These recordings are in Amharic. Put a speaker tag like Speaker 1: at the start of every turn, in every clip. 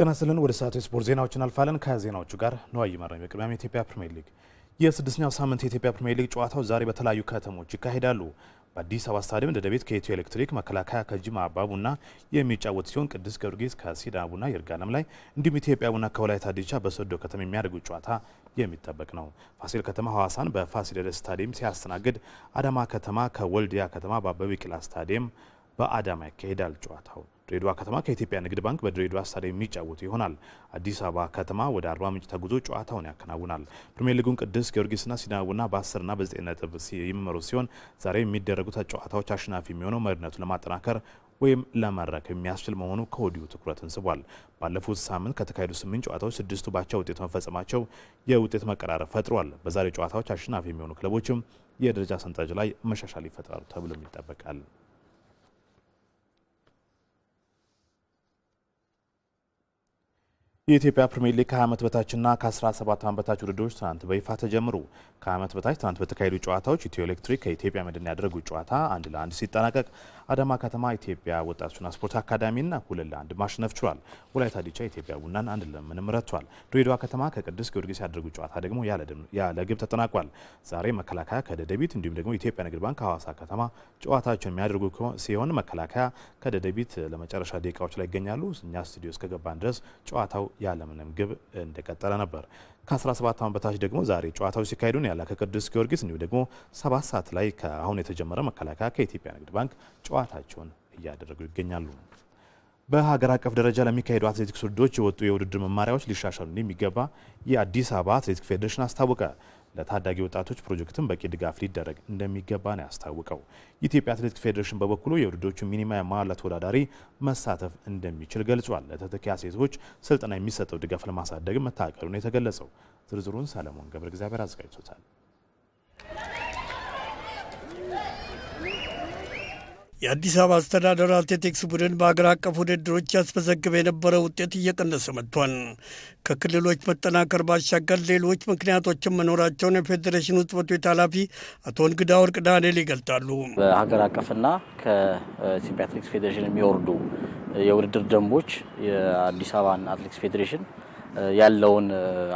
Speaker 1: ጤና ስልን ወደ ሰዓቱ የስፖርት ዜናዎች እናልፋለን። ከዜናዎቹ ጋር ነዋ ይመራ። በቅድሚያም የኢትዮጵያ ፕሪሚየር ሊግ የስድስተኛው ሳምንት የኢትዮጵያ ፕሪሚየር ሊግ ጨዋታው ዛሬ በተለያዩ ከተሞች ይካሄዳሉ። በአዲስ አበባ ስታዲየም ደደቤት ከኢትዮ ኤሌክትሪክ፣ መከላከያ ከጅማ አባ ቡና የሚጫወት ሲሆን ቅዱስ ጊዮርጊስ ከሲዳ ቡና ይርጋለም ላይ እንዲሁም ኢትዮጵያ ቡና ከወላይታ ዲቻ በሶዶ ከተማ የሚያደርጉት ጨዋታ የሚጠበቅ ነው። ፋሲል ከተማ ሐዋሳን በፋሲለደስ ስታዲየም ሲያስተናግድ፣ አዳማ ከተማ ከወልዲያ ከተማ በአበበ ቢቂላ ስታዲየም በአዳማ ይካሄዳል ጨዋታው ድሬዳዋ ከተማ ከኢትዮጵያ ንግድ ባንክ በድሬዳዋ ስታዲየም የሚጫወቱ ይሆናል። አዲስ አበባ ከተማ ወደ አርባ ምንጭ ተጉዞ ጨዋታውን ያከናውናል። ፕሪሚየር ሊጉን ቅዱስ ጊዮርጊስና ሲዳማ ቡና በ10ና በ9 ነጥብ የሚመሩ ሲሆን ዛሬ የሚደረጉት ጨዋታዎች አሸናፊ የሚሆነው መሪነቱን ለማጠናከር ወይም ለመድረክ የሚያስችል መሆኑ ከወዲሁ ትኩረትን ስቧል። ባለፉት ሳምንት ከተካሄዱ ስምንት ጨዋታዎች ስድስቱ ባቻ ውጤት መፈጸማቸው የውጤት መቀራረብ ፈጥሯል። በዛሬ ጨዋታዎች አሸናፊ የሚሆኑ ክለቦችም የደረጃ ሰንጠረዥ ላይ መሻሻል ይፈጥራሉ ተብሎም ይጠበቃል። የኢትዮጵያ ፕሪሚየር ሊግ ከ20 ዓመት በታችና ከ17 ዓመት በታች ውድድሮች ትናንት በይፋ ተጀምሩ። ከ20 ዓመት በታች ትናንት በተካሄዱ ጨዋታዎች ኢትዮ ኤሌክትሪክ ከኢትዮጵያ መድን ያደረጉ ጨዋታ አንድ ለአንድ ሲጠናቀቅ አዳማ ከተማ ኢትዮጵያ ወጣቶችና ስፖርት አካዳሚና ሁለት ለአንድ ማሸነፍ ችሏል። ወላይታ ዲቻ ኢትዮጵያ ቡናን አንድ ለምንም ረቷል። ድሬዳዋ ከተማ ከቅዱስ ጊዮርጊስ ያደረጉ ጨዋታ ደግሞ ያለ ግብ ተጠናቋል። ዛሬ መከላከያ ከደደቢት እንዲሁም ደግሞ ኢትዮጵያ ንግድ ባንክ ከሐዋሳ ከተማ ጨዋታቸውን የሚያደርጉ ሲሆን መከላከያ ከደደቢት ለመጨረሻ ደቂቃዎች ላይ ይገኛሉ። እኛ ስቱዲዮ እስከገባን ድረስ ጨዋታው ያለምንም ግብ እንደቀጠለ ነበር። ከ17 ዓመት በታች ደግሞ ዛሬ ጨዋታው ሲካሄዱ ነው ያለ ከቅዱስ ጊዮርጊስ እንዲሁ ደግሞ ሰባት ሰዓት ላይ ከአሁን የተጀመረ መከላከያ ከኢትዮጵያ ንግድ ባንክ ጨዋታቸውን እያደረጉ ይገኛሉ። በሀገር አቀፍ ደረጃ ለሚካሄዱ አትሌቲክስ ውድድሮች የወጡ የውድድር መማሪያዎች ሊሻሻሉ እንደሚገባ የአዲስ አበባ አትሌቲክስ ፌዴሬሽን አስታወቀ። ለታዳጊ ወጣቶች ፕሮጀክትም በቂ ድጋፍ ሊደረግ እንደሚገባ ነው ያስታውቀው። የኢትዮጵያ አትሌቲክስ ፌዴሬሽን በበኩሉ የውድዶቹ ሚኒማ የማላ ተወዳዳሪ መሳተፍ እንደሚችል ገልጿል። ለተተኪ አትሌቶች ስልጠና የሚሰጠው ድጋፍ ለማሳደግ መታቀዱ ነው የተገለጸው። ዝርዝሩን ሰለሞን ገብረ እግዚአብሔር አዘጋጅቶታል።
Speaker 2: የአዲስ አበባ አስተዳደር አትሌቲክስ ቡድን በአገር አቀፍ ውድድሮች ያስመዘግበ የነበረ ውጤት እየቀነሰ መጥቷል። ከክልሎች መጠናከር ባሻገር ሌሎች ምክንያቶችም መኖራቸውን የፌዴሬሽኑ ጽሕፈት ቤት ኃላፊ አቶ እንግዳ ወርቅ ዳንኤል ይገልጣሉ።
Speaker 3: በሀገር አቀፍና ከኢትዮጵያ አትሌቲክስ ፌዴሬሽን የሚወርዱ የውድድር ደንቦች የአዲስ አበባን አትሌቲክስ ፌዴሬሽን ያለውን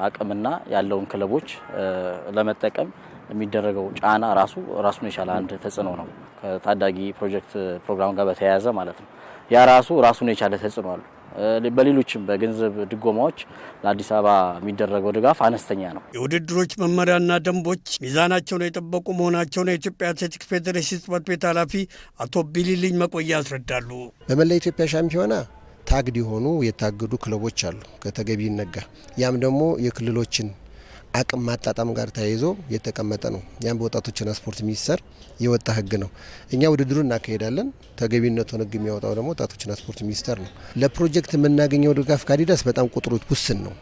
Speaker 3: አቅምና ያለውን ክለቦች ለመጠቀም የሚደረገው ጫና ራሱ ራሱን የቻለ አንድ ተጽዕኖ ነው። ከታዳጊ ፕሮጀክት ፕሮግራም ጋር በተያያዘ ማለት ነው። ያ ራሱ ራሱን የቻለ ተጽዕኖ አሉ። በሌሎችም በገንዘብ ድጎማዎች ለአዲስ አበባ የሚደረገው ድጋፍ አነስተኛ ነው።
Speaker 2: የውድድሮች መመሪያና ደንቦች ሚዛናቸውን የጠበቁ መሆናቸውን የኢትዮጵያ አትሌቲክስ ፌዴሬሽን ጽሕፈት ቤት ኃላፊ አቶ ቢሊልኝ መቆያ ያስረዳሉ።
Speaker 4: በመላ ኢትዮጵያ ሻምፒዮና ታግድ የሆኑ የታገዱ ክለቦች አሉ። ከተገቢ ይነጋ ያም ደግሞ የክልሎችን አቅም ማጣጣም ጋር ተያይዞ የተቀመጠ ነው። ያም በወጣቶችና ስፖርት ሚኒስቴር የወጣ ህግ ነው። እኛ ውድድሩ እናካሄዳለን። ተገቢነቱን ህግ የሚያወጣው ደግሞ ወጣቶችና ስፖርት ሚኒስቴር ነው። ለፕሮጀክት የምናገኘው ድጋፍ ከአዲዳስ በጣም ቁጥሩ ውስን ነው።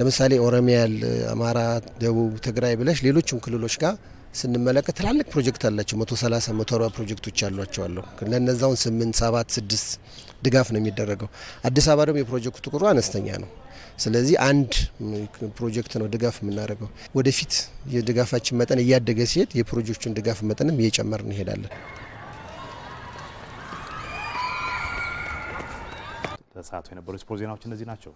Speaker 4: ለምሳሌ ኦሮሚያል፣ አማራ፣ ደቡብ፣ ትግራይ ብለሽ ሌሎችም ክልሎች ጋር ስንመለከት ትላልቅ ፕሮጀክት አላቸው። መቶ ሰላሳ መቶ አርባ ፕሮጀክቶች ያሏቸው አለው። ለእነዛውን ስምንት ሰባት ስድስት ድጋፍ ነው የሚደረገው። አዲስ አበባ ደግሞ የፕሮጀክቱ ቁጥሩ አነስተኛ ነው። ስለዚህ አንድ ፕሮጀክት ነው ድጋፍ የምናደርገው። ወደፊት የድጋፋችን መጠን እያደገ ሲሄድ የፕሮጀክቱን ድጋፍ መጠንም እየጨመር እንሄዳለን።
Speaker 1: ለሰዓቱ የነበሩ ስፖርት ዜናዎች እነዚህ ናቸው።